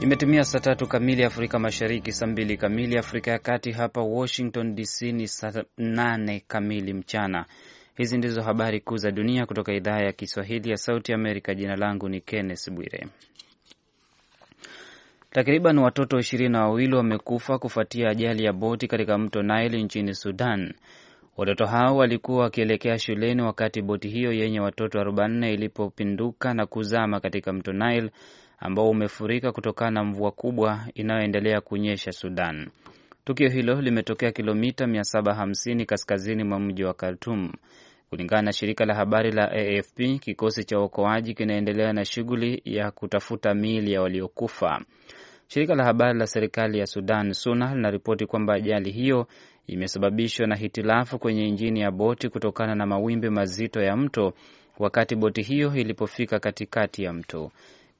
Imetumia saa tatu kamili Afrika Mashariki, saa mbili kamili Afrika ya Kati. Hapa Washington DC ni saa nane kamili mchana. Hizi ndizo habari kuu za dunia kutoka idhaa ya Kiswahili ya Sauti Amerika. Jina langu ni Kenneth Bwire. Takriban watoto ishirini na wawili wamekufa kufuatia ajali ya boti katika mto Nile nchini Sudan. Watoto hao walikuwa wakielekea shuleni wakati boti hiyo yenye watoto 44 ilipopinduka na kuzama katika mto Nile ambao umefurika kutokana na mvua kubwa inayoendelea kunyesha Sudan. Tukio hilo limetokea kilomita 750 kaskazini mwa mji wa Khartum. Kulingana na shirika la habari la AFP, kikosi cha uokoaji kinaendelea na shughuli ya kutafuta miili ya waliokufa. Shirika la habari la serikali ya Sudan SUNA linaripoti kwamba ajali hiyo imesababishwa na hitilafu kwenye injini ya boti kutokana na mawimbi mazito ya mto wakati boti hiyo ilipofika katikati ya mto.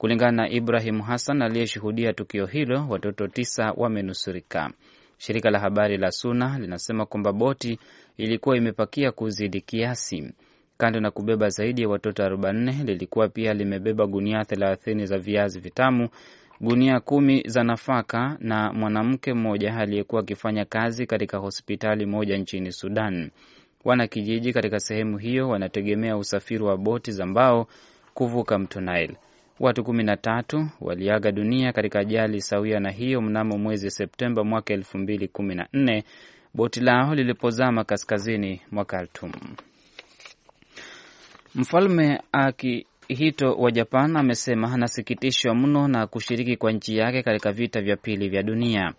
Kulingana na Ibrahim Hassan aliyeshuhudia tukio hilo, watoto tisa wamenusurika. Shirika la habari la Suna linasema kwamba boti ilikuwa imepakia kuzidi kiasi. Kando na kubeba zaidi ya watoto 40, lilikuwa pia limebeba gunia 30 za viazi vitamu, gunia kumi za nafaka na mwanamke mmoja aliyekuwa akifanya kazi katika hospitali moja nchini Sudan. Wanakijiji katika sehemu hiyo wanategemea usafiri wa boti za mbao kuvuka mto Nile. Watu kumi na tatu waliaga dunia katika ajali sawia na hiyo mnamo mwezi Septemba mwaka elfu mbili kumi na nne boti lao lilipozama kaskazini mwa Khartoum. Mfalme Akihito wa Japan amesema anasikitishwa mno na kushiriki kwa nchi yake katika vita vya pili vya dunia.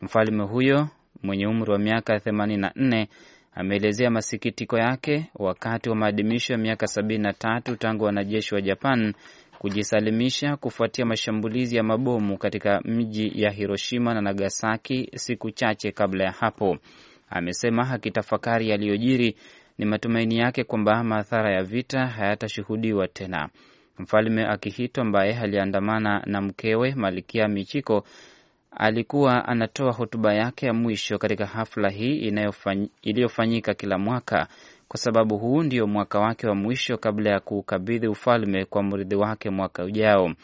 Mfalme huyo mwenye umri wa miaka 84 ameelezea masikitiko yake wakati wa maadhimisho ya miaka 73 tangu wanajeshi wa Japan kujisalimisha kufuatia mashambulizi ya mabomu katika mji ya Hiroshima na Nagasaki siku chache kabla ya hapo. Amesema akitafakari yaliyojiri, ni matumaini yake kwamba madhara ya vita hayatashuhudiwa tena. Mfalme Akihito ambaye aliandamana na mkewe Malkia Michiko alikuwa anatoa hotuba yake ya mwisho katika hafla hii iliyofanyika kila mwaka kwa sababu huu ndio mwaka wake wa mwisho kabla ya kuukabidhi ufalme kwa mrithi wake mwaka ujao.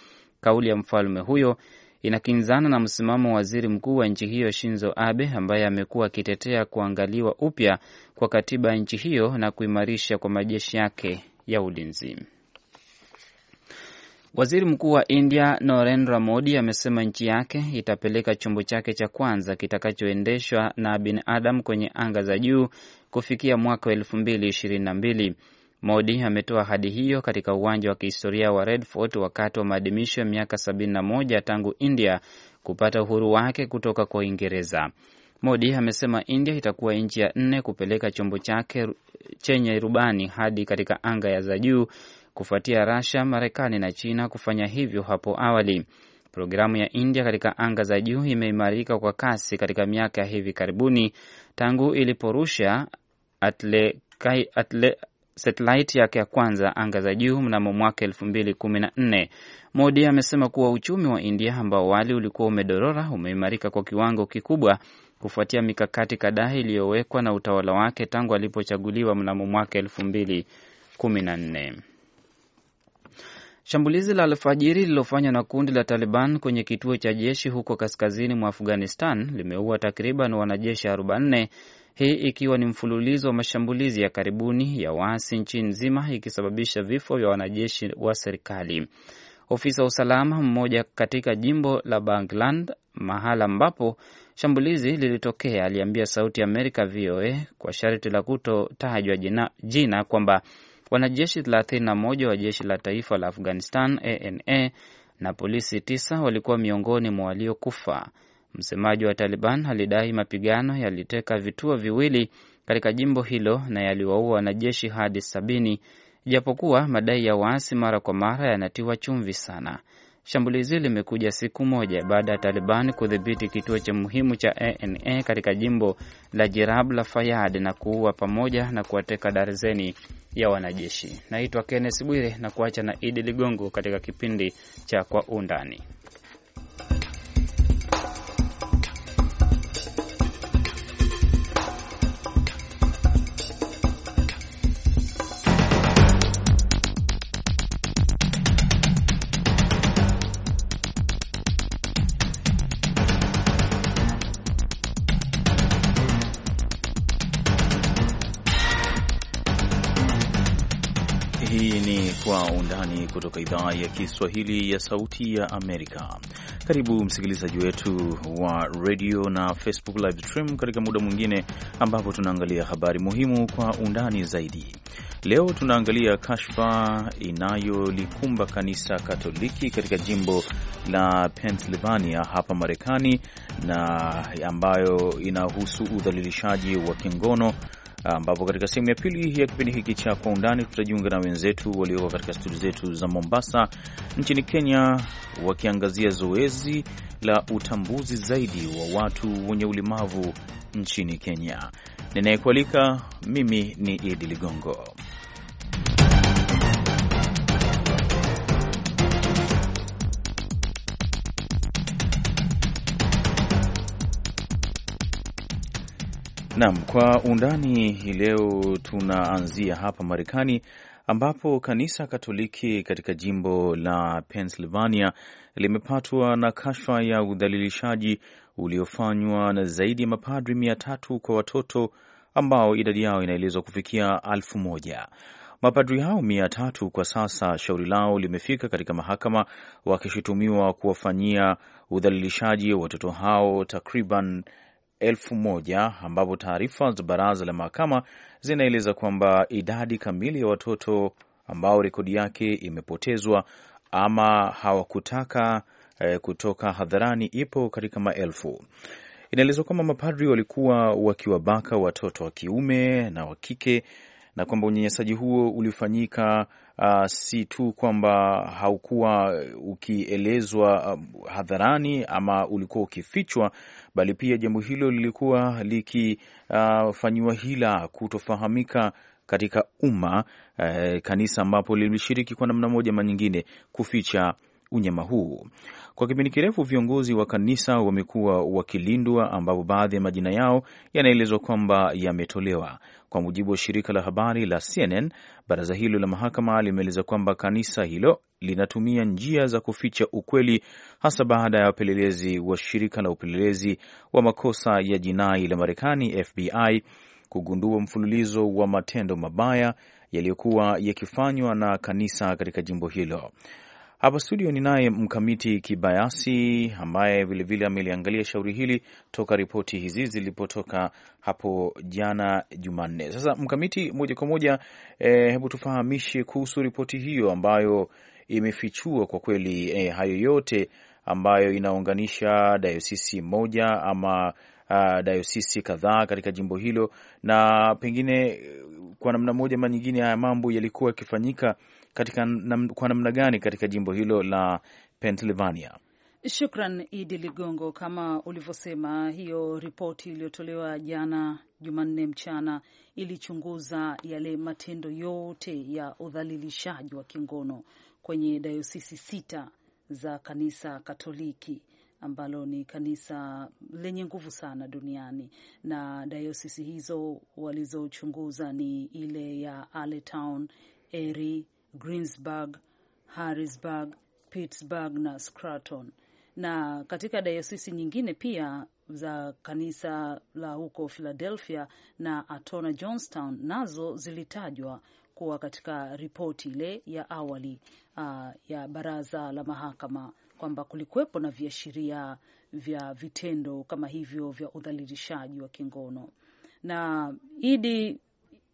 Kauli ya mfalme huyo inakinzana na msimamo wa waziri mkuu wa nchi hiyo Shinzo Abe ambaye amekuwa akitetea kuangaliwa upya kwa katiba ya nchi hiyo na kuimarisha kwa majeshi yake ya ulinzi. Waziri Mkuu wa India Narendra Modi amesema nchi yake itapeleka chombo chake cha kwanza kitakachoendeshwa na binadamu kwenye anga za juu kufikia mwaka wa elfu mbili ishirini na mbili. Modi ametoa ahadi hiyo katika uwanja wa kihistoria wa Red Fort wakati wa maadhimisho ya miaka 71 tangu India kupata uhuru wake kutoka kwa Uingereza. Modi amesema India itakuwa nchi ya nne kupeleka chombo chake chenye rubani hadi katika anga za juu kufuatia Rasia, Marekani na China kufanya hivyo hapo awali. Programu ya India katika anga za juu imeimarika kwa kasi katika miaka ya hivi karibuni tangu iliporusha satelaiti yake ya kwanza anga za juu mnamo mwaka elfu mbili kumi na nne. Modi amesema kuwa uchumi wa India ambao awali ulikuwa umedorora umeimarika kwa kiwango kikubwa kufuatia mikakati kadhaa iliyowekwa na utawala wake tangu alipochaguliwa mnamo mwaka elfu mbili kumi na nne. Shambulizi la alfajiri lililofanywa na kundi la Taliban kwenye kituo cha jeshi huko kaskazini mwa Afghanistan limeua takriban wanajeshi 44 hii ikiwa ni mfululizo wa mashambulizi ya karibuni ya waasi nchi nzima, ikisababisha vifo vya wanajeshi wa serikali. Ofisa wa usalama mmoja katika jimbo la Bangland, mahala ambapo shambulizi lilitokea, aliambia Sauti ya Amerika VOA kwa sharti la kutotajwa jina kwamba Wanajeshi 31 wa jeshi la taifa la Afghanistan ANA na polisi tisa walikuwa miongoni mwa waliokufa. Msemaji wa Taliban alidai mapigano yaliteka vituo viwili katika jimbo hilo na yaliwaua wanajeshi hadi sabini, japokuwa madai ya waasi mara kwa mara yanatiwa chumvi sana. Shambulizi limekuja siku moja baada ya Taliban kudhibiti kituo cha muhimu cha ANA katika jimbo la Jirab la Fayad na kuua pamoja na kuwateka darzeni ya wanajeshi. Naitwa Kenneth Bwire na kuacha na Idi Ligongo katika kipindi cha Kwa Undani. kutoka idhaa ya Kiswahili ya Sauti ya Amerika. Karibu msikilizaji wetu wa radio na Facebook live stream katika muda mwingine ambapo tunaangalia habari muhimu kwa undani zaidi. Leo tunaangalia kashfa inayolikumba kanisa Katoliki katika jimbo la Pennsylvania hapa Marekani, na ambayo inahusu udhalilishaji wa kingono ambapo katika sehemu ya pili ya kipindi hiki cha Kwa Undani tutajiunga na wenzetu walioko katika studio zetu za Mombasa nchini Kenya, wakiangazia zoezi la utambuzi zaidi wa watu wenye ulemavu nchini Kenya. Ninayekualika mimi ni Idi Ligongo. Naam, kwa undani hii leo tunaanzia hapa Marekani ambapo kanisa Katoliki katika jimbo la Pennsylvania limepatwa na kashfa ya udhalilishaji uliofanywa na zaidi ya mapadri mia tatu kwa watoto ambao idadi yao inaelezwa kufikia alfu moja. Mapadri hao mia tatu kwa sasa shauri lao limefika katika mahakama wakishutumiwa kuwafanyia udhalilishaji watoto hao takriban elfu moja ambapo taarifa za baraza la mahakama zinaeleza kwamba idadi kamili ya watoto ambao rekodi yake imepotezwa ama hawakutaka e, kutoka hadharani ipo katika maelfu. Inaelezwa kwamba mapadri walikuwa wakiwabaka watoto wa kiume na wa kike na kwamba unyanyasaji huo ulifanyika uh, si tu kwamba haukuwa ukielezwa uh, hadharani ama ulikuwa ukifichwa, bali pia jambo hilo lilikuwa likifanyiwa uh, hila kutofahamika katika umma uh, kanisa ambapo lilishiriki kwa namna moja ama nyingine kuficha unyama huu. Kwa kipindi kirefu viongozi wa kanisa wamekuwa wakilindwa, ambapo baadhi ya majina yao yanaelezwa kwamba yametolewa. Kwa mujibu wa shirika la habari la CNN, baraza hilo la mahakama limeeleza kwamba kanisa hilo linatumia njia za kuficha ukweli, hasa baada ya wapelelezi wa shirika la upelelezi wa makosa ya jinai la Marekani FBI kugundua mfululizo wa matendo mabaya yaliyokuwa yakifanywa na kanisa katika jimbo hilo. Hapa studio ni naye Mkamiti Kibayasi ambaye vilevile ameliangalia shauri hili toka ripoti hizi zilipotoka hapo jana Jumanne. Sasa Mkamiti, moja kwa moja, e, hebu tufahamishe kuhusu ripoti hiyo ambayo imefichua kwa kweli e, hayo yote ambayo inaunganisha dayosisi moja ama uh, dayosisi kadhaa katika jimbo hilo, na pengine eh, kwa namna moja ama nyingine haya mambo yalikuwa yakifanyika katika nam, kwa namna gani katika jimbo hilo la Pennsylvania? Shukran Idi Ligongo. Kama ulivyosema, hiyo ripoti iliyotolewa jana Jumanne mchana ilichunguza yale matendo yote ya udhalilishaji wa kingono kwenye dayosisi sita za kanisa Katoliki ambalo ni kanisa lenye nguvu sana duniani, na dayosisi hizo walizochunguza ni ile ya Allentown, Erie, Greensburg, Harrisburg, Pittsburgh na Scranton, na katika dayosisi nyingine pia za kanisa la huko Philadelphia na Atona Johnstown nazo zilitajwa kuwa katika ripoti ile ya awali uh, ya baraza la mahakama kwamba kulikuwepo na viashiria vya vitendo kama hivyo vya udhalilishaji wa kingono na idi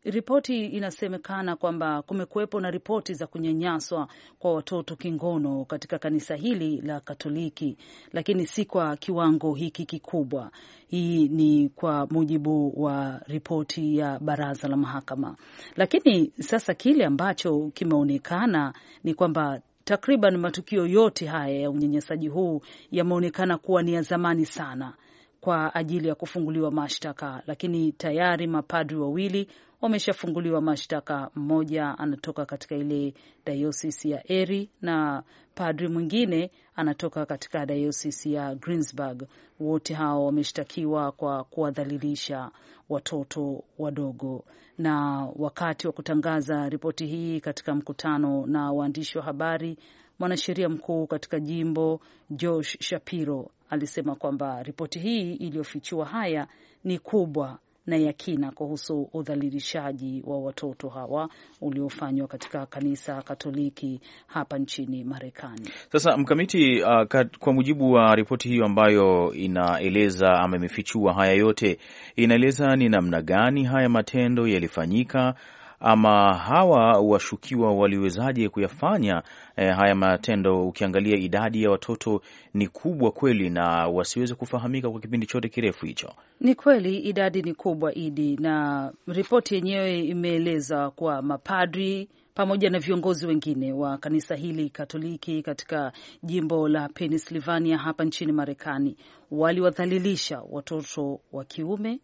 Ripoti inasemekana kwamba kumekuwepo na ripoti za kunyanyaswa kwa watoto kingono katika kanisa hili la Katoliki, lakini si kwa kiwango hiki kikubwa. Hii ni kwa mujibu wa ripoti ya baraza la mahakama. Lakini sasa kile ambacho kimeonekana ni kwamba takriban matukio yote haya ya unyanyasaji huu yameonekana kuwa ni ya zamani sana kwa ajili ya kufunguliwa mashtaka, lakini tayari mapadri wawili wameshafunguliwa mashtaka. Mmoja anatoka katika ile dayosisi ya Eri na padri mwingine anatoka katika dayosisi ya Greensburg. Wote hao wameshtakiwa kwa kuwadhalilisha watoto wadogo. Na wakati wa kutangaza ripoti hii katika mkutano na waandishi wa habari Mwanasheria mkuu katika jimbo Josh Shapiro alisema kwamba ripoti hii iliyofichua haya ni kubwa na ya kina kuhusu udhalilishaji wa watoto hawa uliofanywa katika kanisa Katoliki hapa nchini Marekani. Sasa mkamiti, uh, kat, kwa mujibu wa ripoti hiyo ambayo inaeleza ama imefichua haya yote, inaeleza ni namna gani haya matendo yalifanyika ama hawa washukiwa waliwezaje kuyafanya eh, haya matendo? Ukiangalia idadi ya watoto ni kubwa kweli, na wasiweze kufahamika kwa kipindi chote kirefu hicho. Ni kweli idadi ni kubwa, Idi, na ripoti yenyewe imeeleza kwa mapadri pamoja na viongozi wengine wa kanisa hili Katoliki katika jimbo la Pennsylvania hapa nchini Marekani waliwadhalilisha watoto wa kiume,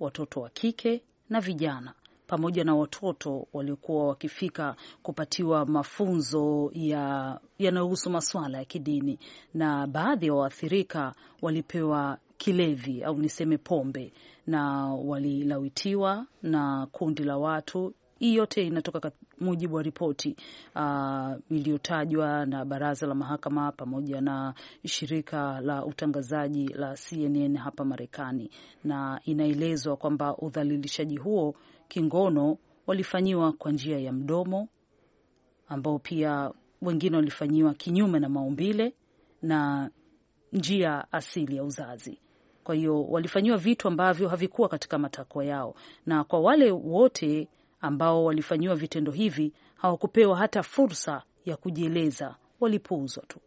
watoto wa kike na vijana pamoja na watoto waliokuwa wakifika kupatiwa mafunzo ya yanayohusu masuala ya kidini, na baadhi ya wa waathirika walipewa kilevi au niseme pombe, na walilawitiwa na kundi la watu. Hii yote inatoka kat mujibu wa ripoti uh, iliyotajwa na baraza la mahakama pamoja na shirika la utangazaji la CNN hapa Marekani, na inaelezwa kwamba udhalilishaji huo kingono walifanyiwa kwa njia ya mdomo, ambao pia wengine walifanyiwa kinyume na maumbile na njia asili ya uzazi. Kwa hiyo walifanyiwa vitu ambavyo havikuwa katika matakwa yao, na kwa wale wote ambao walifanyiwa vitendo hivi hawakupewa hata fursa ya kujieleza, walipuuzwa tu.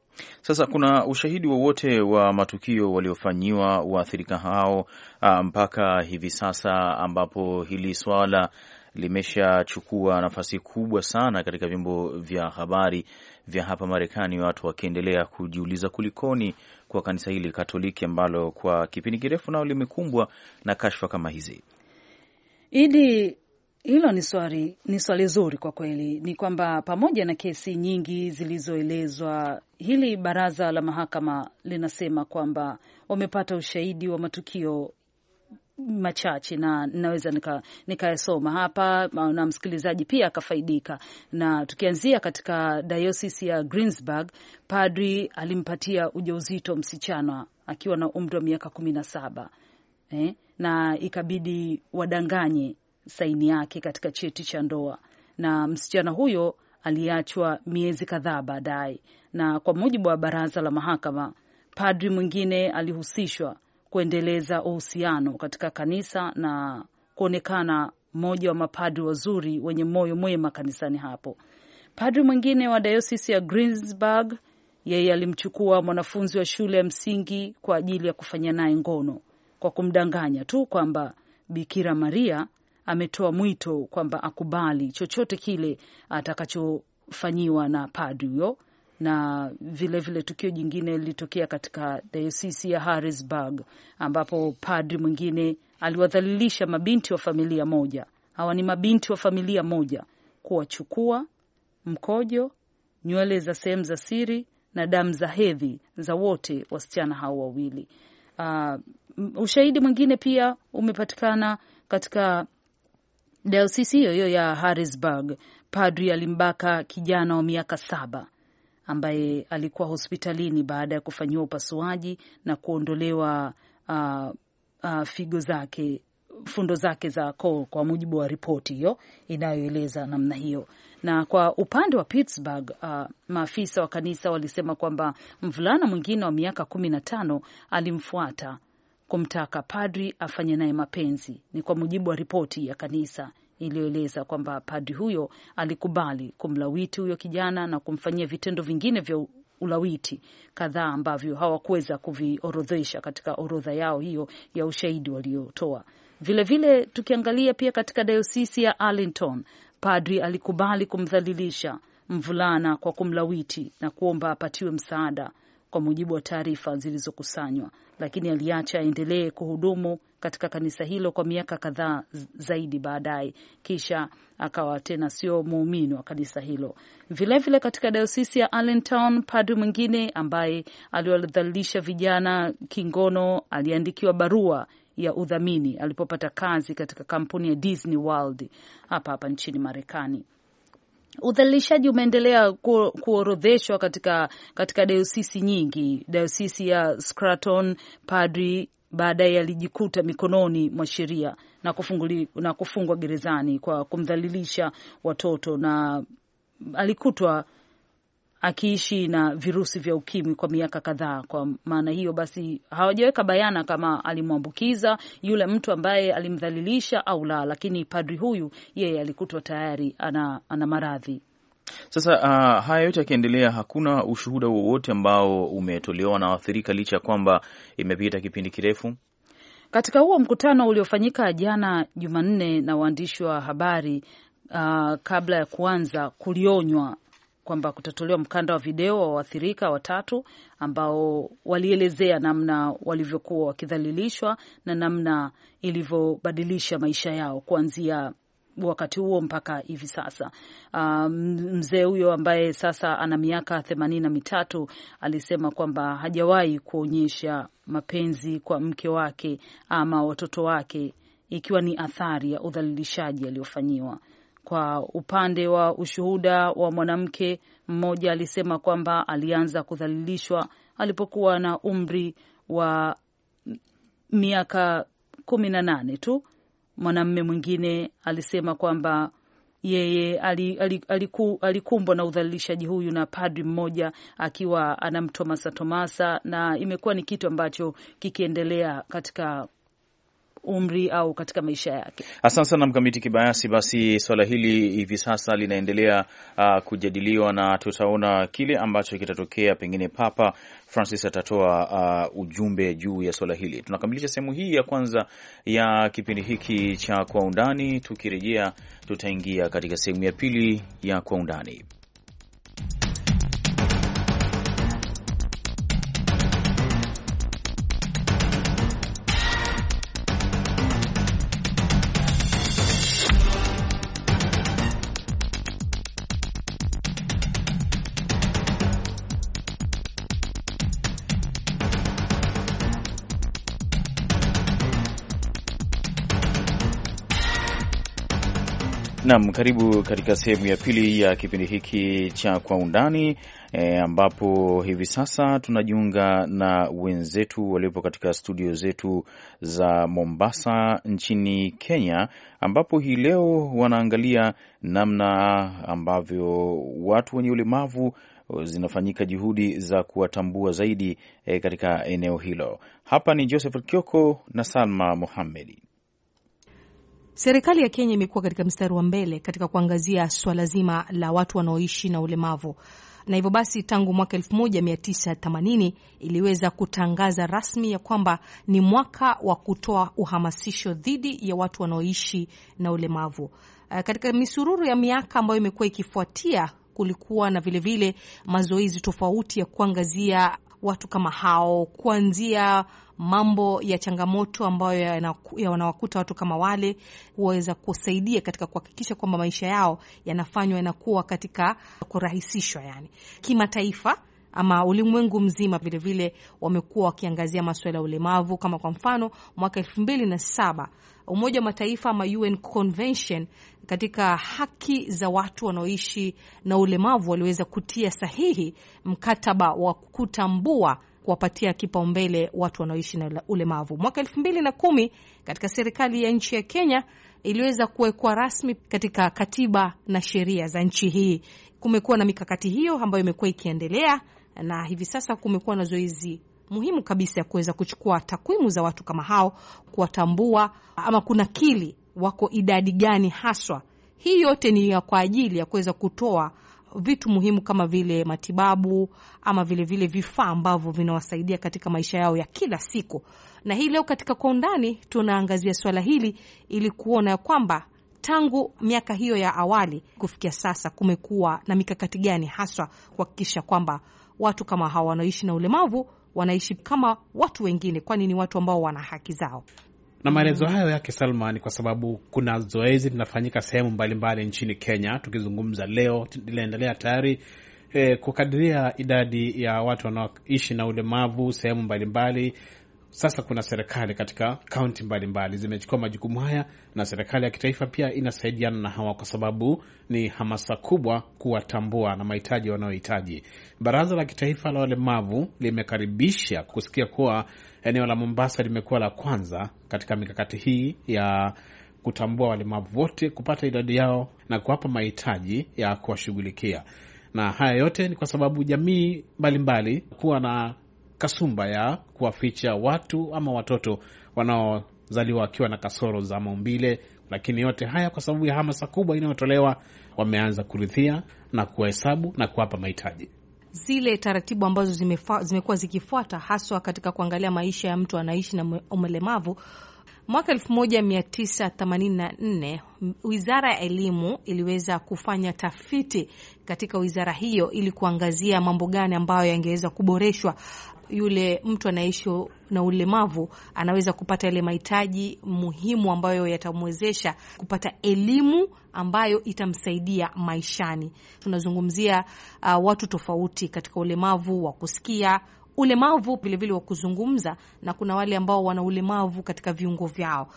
Sasa kuna ushahidi wowote wa, wa matukio waliofanyiwa waathirika hao ah, mpaka hivi sasa ambapo hili swala limeshachukua nafasi kubwa sana katika vyombo vya habari vya hapa Marekani, watu wakiendelea kujiuliza kulikoni kwa kanisa hili Katoliki ambalo kwa kipindi kirefu nao limekumbwa na kashfa kama hizi. Idi, hilo ni swali, ni swali zuri kwa kweli. Ni kwamba pamoja na kesi nyingi zilizoelezwa, hili baraza la mahakama linasema kwamba wamepata ushahidi wa matukio machache na naweza nikayasoma nika hapa na msikilizaji pia akafaidika. Na tukianzia katika diocese ya Greensburg, padri alimpatia ujauzito msichana akiwa na umri wa miaka kumi na saba eh, na ikabidi wadanganye saini yake katika cheti cha ndoa, na msichana huyo aliachwa miezi kadhaa baadaye. Na kwa mujibu wa baraza la mahakama, padri mwingine alihusishwa kuendeleza uhusiano katika kanisa na kuonekana mmoja wa mapadri wazuri wenye moyo mwema kanisani hapo. Padri mwingine wa dayosisi ya Greensburg, yeye alimchukua mwanafunzi wa shule ya msingi kwa ajili ya kufanya naye ngono kwa kumdanganya tu kwamba Bikira Maria ametoa mwito kwamba akubali chochote kile atakachofanyiwa na padri huyo na vilevile vile tukio jingine lilitokea katika dayosisi ya Harrisburg ambapo padri mwingine aliwadhalilisha mabinti wa familia moja. Hawa ni mabinti wa familia moja, kuwachukua mkojo, nywele za sehemu za siri na damu za hedhi za wote wasichana hao wawili. Uh, ushahidi mwingine pia umepatikana katika Dayosisi hiyo ya Harrisburg, padri alimbaka kijana wa miaka saba ambaye alikuwa hospitalini baada ya kufanyiwa upasuaji na kuondolewa uh, uh, figo zake fundo zake za koo, kwa mujibu wa ripoti hiyo inayoeleza namna hiyo. Na kwa upande wa Pittsburgh, uh, maafisa wa kanisa walisema kwamba mvulana mwingine wa miaka kumi na tano alimfuata kumtaka padri afanye naye mapenzi. Ni kwa mujibu wa ripoti ya kanisa iliyoeleza kwamba padri huyo alikubali kumlawiti huyo kijana na kumfanyia vitendo vingine vya ulawiti kadhaa ambavyo hawakuweza kuviorodhesha katika orodha yao hiyo ya ushahidi waliotoa. Vilevile tukiangalia pia katika dayosisi ya Arlington, padri alikubali kumdhalilisha mvulana kwa kumlawiti na kuomba apatiwe msaada kwa mujibu wa taarifa zilizokusanywa, lakini aliacha aendelee kuhudumu katika kanisa hilo kwa miaka kadhaa zaidi baadaye, kisha akawa tena sio muumini wa kanisa hilo. Vilevile vile katika dayosisi ya Allentown, padri mwingine ambaye aliwadhalilisha vijana kingono aliandikiwa barua ya udhamini alipopata kazi katika kampuni ya Disney World hapa hapa nchini Marekani udhalilishaji umeendelea ku, kuorodheshwa katika, katika dayosisi nyingi. Dayosisi ya scraton padri baadaye alijikuta mikononi mwa sheria na, na kufungwa gerezani kwa kumdhalilisha watoto na alikutwa akiishi na virusi vya ukimwi kwa miaka kadhaa. Kwa maana hiyo basi, hawajaweka bayana kama alimwambukiza yule mtu ambaye alimdhalilisha au la, lakini padri huyu yeye alikutwa tayari ana, ana maradhi. Sasa uh, haya yote yakiendelea, hakuna ushuhuda wowote ambao umetolewa na waathirika, licha ya kwamba imepita kipindi kirefu. Katika huo mkutano uliofanyika jana Jumanne na waandishi wa habari uh, kabla ya kuanza kulionywa kwamba kutatolewa mkanda wa video wa waathirika watatu ambao walielezea namna walivyokuwa wakidhalilishwa na namna ilivyobadilisha maisha yao kuanzia wakati huo mpaka hivi sasa. Um, mzee huyo ambaye sasa ana miaka themanini na mitatu alisema kwamba hajawahi kuonyesha mapenzi kwa mke wake ama watoto wake, ikiwa ni athari ya udhalilishaji aliyofanyiwa. Kwa upande wa ushuhuda wa mwanamke mmoja, alisema kwamba alianza kudhalilishwa alipokuwa na umri wa miaka kumi na nane tu. Mwanamume mwingine alisema kwamba yeye alikumbwa na udhalilishaji huyu na padri mmoja akiwa anamtomasa tomasa, na imekuwa ni kitu ambacho kikiendelea katika umri au katika maisha yake. Asante sana Mkamiti Kibayasi. Basi swala hili hivi sasa linaendelea uh, kujadiliwa na tutaona kile ambacho kitatokea. Pengine Papa Francis atatoa uh, ujumbe juu ya swala hili. Tunakamilisha sehemu hii ya kwanza ya kipindi hiki cha Kwa Undani. Tukirejea tutaingia katika sehemu ya pili ya Kwa Undani. Nam, karibu katika sehemu ya pili ya kipindi hiki cha Kwa Undani e, ambapo hivi sasa tunajiunga na wenzetu waliopo katika studio zetu za Mombasa nchini Kenya, ambapo hii leo wanaangalia namna ambavyo watu wenye ulemavu zinafanyika juhudi za kuwatambua zaidi e, katika eneo hilo. Hapa ni Joseph Kioko na Salma Muhamedi. Serikali ya Kenya imekuwa katika mstari wa mbele katika kuangazia swala zima la watu wanaoishi na ulemavu na hivyo basi tangu mwaka 1980 iliweza kutangaza rasmi ya kwamba ni mwaka wa kutoa uhamasisho dhidi ya watu wanaoishi na ulemavu. Eh, katika misururu ya miaka ambayo imekuwa ikifuatia, kulikuwa na vilevile mazoezi tofauti ya kuangazia watu kama hao kuanzia mambo ya changamoto ambayo yanawakuta ya watu kama wale, kuweza kusaidia katika kuhakikisha kwamba maisha yao yanafanywa yanakuwa katika kurahisishwa. Yani kimataifa ama ulimwengu mzima vilevile wamekuwa wakiangazia masuala ya ulemavu, kama kwa mfano mwaka elfu mbili na saba Umoja wa Mataifa ama UN Convention katika haki za watu wanaoishi na ulemavu waliweza kutia sahihi mkataba wa kutambua kuwapatia kipaumbele watu wanaoishi na ulemavu. Mwaka elfu mbili na kumi katika serikali ya nchi ya Kenya iliweza kuwekwa rasmi katika katiba na sheria za nchi hii. Kumekuwa na mikakati hiyo ambayo imekuwa ikiendelea, na hivi sasa kumekuwa na zoezi muhimu kabisa ya kuweza kuchukua takwimu za watu kama hao, kuwatambua ama kunakili wako idadi gani haswa. Hii yote ni kwa ajili ya kuweza kutoa vitu muhimu kama vile matibabu ama vilevile vifaa ambavyo vinawasaidia katika maisha yao ya kila siku. Na hii leo katika Kwa Undani tunaangazia swala hili ili kuona ya kwamba tangu miaka hiyo ya awali kufikia sasa kumekuwa na mikakati gani haswa kuhakikisha kwamba watu kama hawa wanaoishi na ulemavu wanaishi kama watu wengine, kwani ni watu ambao wana haki zao na maelezo hayo yake Salma ni kwa sababu kuna zoezi linafanyika sehemu mbalimbali nchini Kenya. Tukizungumza leo linaendelea tayari eh, kukadiria idadi ya watu wanaoishi na ulemavu sehemu mbalimbali. Sasa kuna serikali katika kaunti mbalimbali zimechukua majukumu haya, na serikali ya kitaifa pia inasaidiana na hawa, kwa sababu ni hamasa kubwa kuwatambua na mahitaji wanayohitaji. Baraza la kitaifa la walemavu limekaribisha kusikia kuwa eneo la Mombasa limekuwa la kwanza katika mikakati hii ya kutambua walemavu wote, kupata idadi yao na kuwapa mahitaji ya kuwashughulikia. Na haya yote ni kwa sababu jamii mbalimbali kuwa na kasumba ya kuwaficha watu ama watoto wanaozaliwa wakiwa na kasoro za maumbile, lakini yote haya kwa sababu ya hamasa kubwa inayotolewa, wameanza kurithia na kuwahesabu na kuwapa mahitaji zile taratibu ambazo zimekuwa zikifuata haswa katika kuangalia maisha ya mtu anaishi na mlemavu Mwaka 1984 wizara ya elimu iliweza kufanya tafiti katika wizara hiyo ili kuangazia mambo gani ambayo yangeweza kuboreshwa yule mtu anaishi na ulemavu anaweza kupata yale mahitaji muhimu ambayo yatamwezesha kupata elimu ambayo itamsaidia maishani. Tunazungumzia uh, watu tofauti katika ulemavu wa kusikia ulemavu vilevile wa kuzungumza na kuna wale ambao wana ulemavu katika viungo vyao.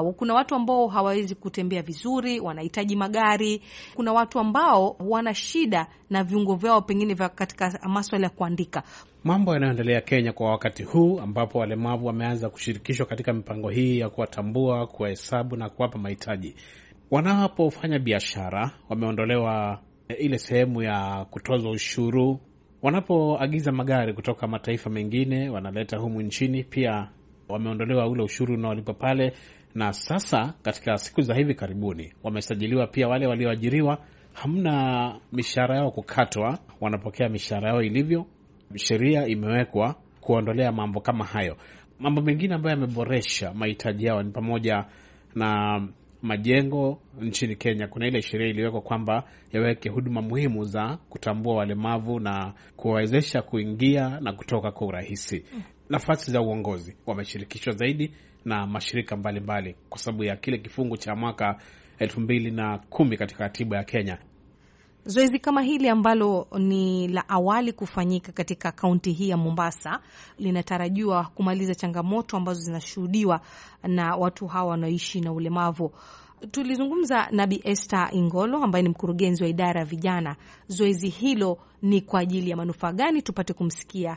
Uh, kuna watu ambao hawawezi kutembea vizuri, wanahitaji magari. Kuna watu ambao wana shida na viungo vyao pengine vya katika maswala ya kuandika mambo yanayoendelea Kenya kwa wakati huu ambapo walemavu wameanza kushirikishwa katika mipango hii ya kuwatambua, kuwahesabu na kuwapa mahitaji. Wanapofanya biashara, wameondolewa eh, ile sehemu ya kutozwa ushuru. Wanapoagiza magari kutoka mataifa mengine wanaleta humu nchini, pia wameondolewa ule ushuru unaolipa pale. Na sasa katika siku za hivi karibuni wamesajiliwa pia wale walioajiriwa, hamna mishahara yao kukatwa, wanapokea mishahara yao ilivyo sheria imewekwa kuondolea mambo kama hayo. Mambo mengine ambayo yameboresha mahitaji yao ni pamoja na majengo nchini Kenya. Kuna ile sheria iliyowekwa kwamba yaweke huduma muhimu za kutambua walemavu na kuwawezesha kuingia na kutoka kwa urahisi. Nafasi za uongozi wameshirikishwa zaidi na mashirika mbalimbali mbali, kwa sababu ya kile kifungu cha mwaka elfu mbili na kumi katika katiba ya Kenya. Zoezi kama hili ambalo ni la awali kufanyika katika kaunti hii ya Mombasa linatarajiwa kumaliza changamoto ambazo zinashuhudiwa na watu hawa wanaoishi na ulemavu. Tulizungumza na Bi Esther Ingolo ambaye ni mkurugenzi wa idara ya vijana. Zoezi hilo ni kwa ajili ya manufaa gani? Tupate kumsikia.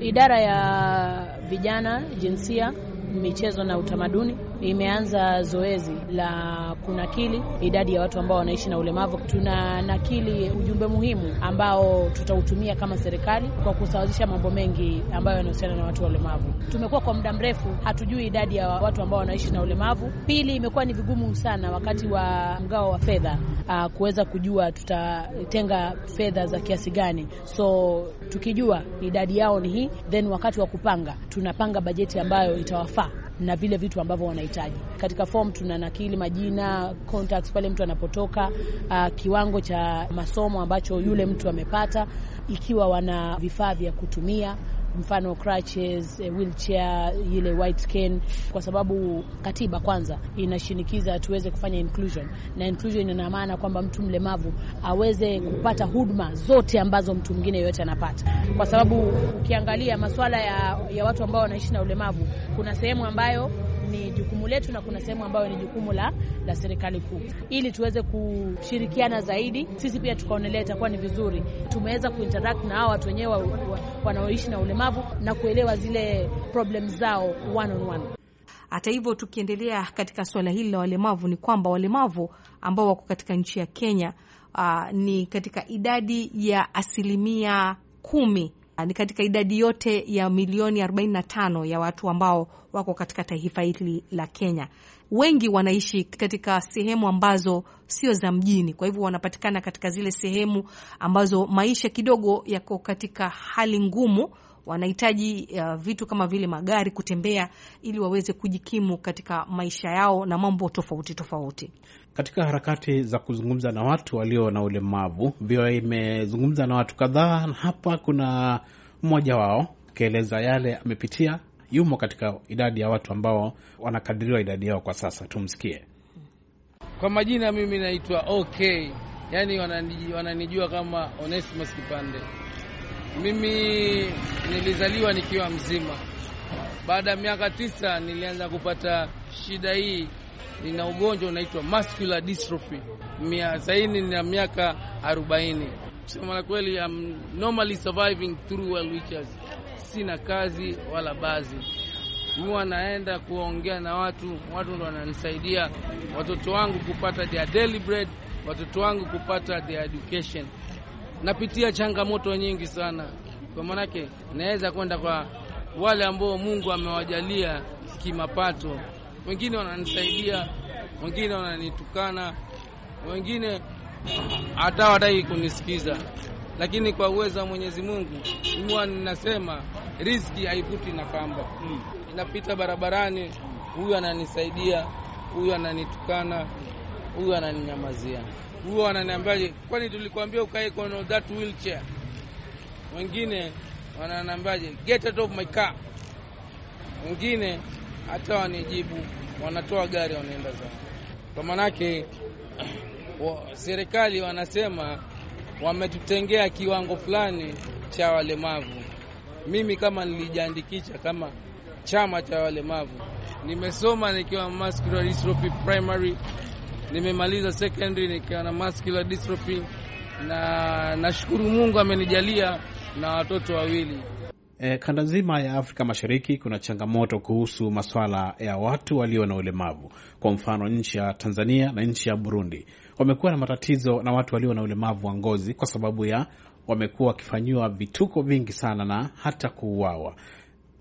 Idara ya vijana, jinsia, michezo na utamaduni imeanza zoezi la kunakili idadi ya watu ambao wanaishi na ulemavu. Tuna nakili ujumbe muhimu ambao tutautumia kama serikali kwa kusawazisha mambo mengi ambayo yanahusiana na watu wa ulemavu. Tumekuwa kwa muda mrefu hatujui idadi ya watu ambao wanaishi na ulemavu. Pili, imekuwa ni vigumu sana wakati wa mgao wa fedha ah, kuweza kujua tutatenga fedha za kiasi gani. So tukijua idadi yao ni hii, then wakati wa kupanga tunapanga bajeti ambayo itawafaa na vile vitu ambavyo wanahitaji. Katika form tuna nakili majina, contacts pale mtu anapotoka, uh, kiwango cha masomo ambacho yule mtu amepata, ikiwa wana vifaa vya kutumia mfano crutches, eh, wheelchair, ile white cane, kwa sababu katiba kwanza inashinikiza tuweze kufanya inclusion, na inclusion ina maana kwamba mtu mlemavu aweze kupata huduma zote ambazo mtu mwingine yoyote anapata, kwa sababu ukiangalia masuala ya, ya watu ambao wanaishi na ulemavu kuna sehemu ambayo ni jukumu letu na kuna sehemu ambayo ni jukumu la, la serikali kuu, ili tuweze kushirikiana zaidi. Sisi pia tukaonelea itakuwa ni vizuri tumeweza kuinteract na hawa watu wenyewe wanaoishi na ulemavu na kuelewa zile problem zao one on one. Hata hivyo, tukiendelea katika suala hili la walemavu, ni kwamba walemavu ambao wako katika nchi ya Kenya uh, ni katika idadi ya asilimia kumi Ah, ni katika idadi yote ya milioni 45 ya watu ambao wako katika taifa hili la Kenya. Wengi wanaishi katika sehemu ambazo sio za mjini, kwa hivyo wanapatikana katika zile sehemu ambazo maisha kidogo yako katika hali ngumu wanahitaji uh, vitu kama vile magari kutembea, ili waweze kujikimu katika maisha yao na mambo tofauti tofauti. Katika harakati za kuzungumza na watu walio na ulemavu, VOA imezungumza na watu kadhaa, na hapa kuna mmoja wao akieleza yale amepitia. Yumo katika idadi ya watu ambao wanakadiriwa idadi yao kwa sasa. Tumsikie. Kwa majina, mimi naitwa OK, yani wananijua kama Onesimus Kipande. Mimi nilizaliwa nikiwa mzima. Baada ya miaka tisa nilianza kupata shida hii. Nina ugonjwa unaitwa muscular dystrophy. mia hivi na miaka arobaini. Kusema la kweli, I'm normally surviving through wheelchairs. Sina kazi wala bazi, huwa naenda kuongea na watu, watu ndo wananisaidia, watoto wangu kupata their daily bread, watoto wangu kupata their education napitia changamoto nyingi sana, kwa maanake naweza kwenda kwa wale ambao Mungu amewajalia kimapato. Wengine wananisaidia, wengine wananitukana, wengine hata wataki kunisikiza, lakini kwa uwezo wa Mwenyezi Mungu huwa ninasema riziki haivuti na kamba. Inapita barabarani, huyu ananisaidia, huyu ananitukana, huyu ananinyamazia huo wananiambiaje, kwani tulikwambia ukae kono that wheelchair. Wengine wananiambiaje, get out of my car. Wengine hata wanijibu, wanatoa gari, wanaenda zao. Kwa maanake serikali wanasema wametutengea kiwango fulani cha walemavu. Mimi kama nilijiandikisha kama chama cha walemavu, nimesoma nikiwa muscular dystrophy primary Nimemaliza secondary nikiwa na muscular dystrophy, na nashukuru Mungu amenijalia na watoto wawili. E, kanda nzima ya Afrika Mashariki kuna changamoto kuhusu masuala ya watu walio na ulemavu. Kwa mfano, nchi ya Tanzania na nchi ya Burundi wamekuwa na matatizo na watu walio na ulemavu wa ngozi kwa sababu ya wamekuwa wakifanyiwa vituko vingi sana na hata kuuawa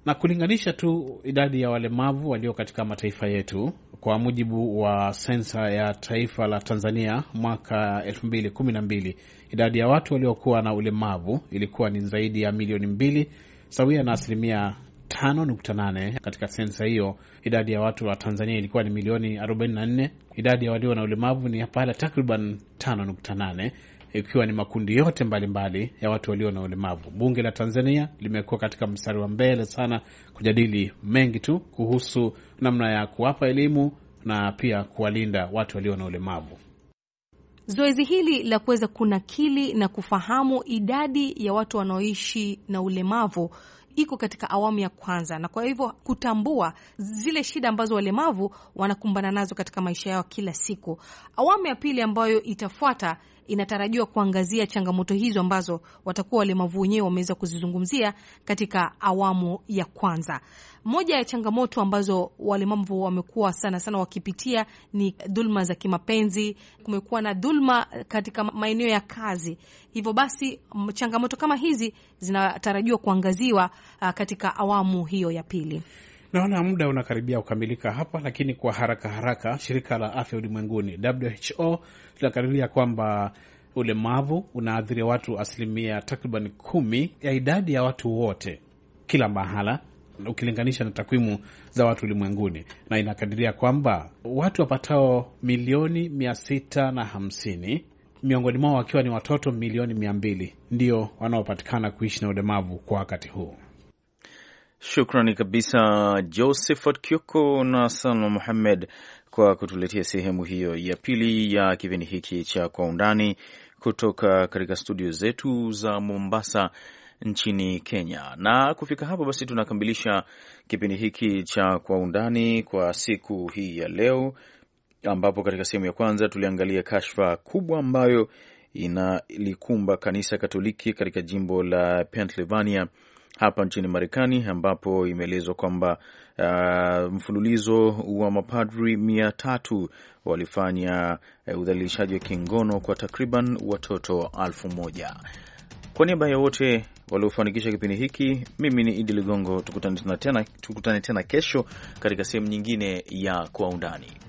na kulinganisha tu idadi ya walemavu walio katika mataifa yetu kwa mujibu wa sensa ya taifa la Tanzania mwaka 2012 idadi ya watu waliokuwa na ulemavu ilikuwa ni zaidi ya milioni mbili sawia na asilimia 5.8. Katika sensa hiyo idadi ya watu wa Tanzania ilikuwa ni milioni 44. Idadi ya walio na ulemavu ni pale takriban 5.8 ikiwa ni makundi yote mbalimbali mbali ya watu walio na ulemavu. Bunge la Tanzania limekuwa katika mstari wa mbele sana kujadili mengi tu kuhusu namna ya kuwapa elimu na pia kuwalinda watu walio na ulemavu. Zoezi hili la kuweza kunakili na kufahamu idadi ya watu wanaoishi na ulemavu iko katika awamu ya kwanza, na kwa hivyo kutambua zile shida ambazo walemavu wanakumbana nazo katika maisha yao kila siku. Awamu ya pili ambayo itafuata inatarajiwa kuangazia changamoto hizo ambazo watakuwa walemavu wenyewe wameweza kuzizungumzia katika awamu ya kwanza. Moja ya changamoto ambazo walemavu wamekuwa sana sana wakipitia ni dhulma za kimapenzi. Kumekuwa na dhulma katika maeneo ya kazi, hivyo basi changamoto kama hizi zinatarajiwa kuangaziwa katika awamu hiyo ya pili. Naona muda unakaribia kukamilika hapa, lakini kwa haraka haraka, shirika la afya ulimwenguni WHO linakadiria kwamba ulemavu unaathiri watu asilimia takriban kumi ya idadi ya watu wote kila mahala ukilinganisha na takwimu za watu ulimwenguni, na inakadiria kwamba watu wapatao milioni mia sita na hamsini miongoni mwao wakiwa ni watoto milioni mia mbili ndio wanaopatikana kuishi na ulemavu kwa wakati huu. Shukrani kabisa Josephat Kioko na Salma Muhammed kwa kutuletea sehemu hiyo ya pili ya kipindi hiki cha Kwa Undani kutoka katika studio zetu za Mombasa nchini Kenya. Na kufika hapo basi, tunakamilisha kipindi hiki cha Kwa Undani kwa siku hii ya leo, ambapo katika sehemu ya kwanza tuliangalia kashfa kubwa ambayo inalikumba kanisa Katoliki katika jimbo la Pennsylvania hapa nchini Marekani, ambapo imeelezwa kwamba uh, mfululizo wa mapadri mia tatu walifanya uh, udhalilishaji wa kingono kwa takriban watoto alfu moja. Kwa niaba ya wote waliofanikisha kipindi hiki, mimi ni Idi Ligongo. Tukutane tena, tukutane tena kesho katika sehemu nyingine ya Kwa Undani.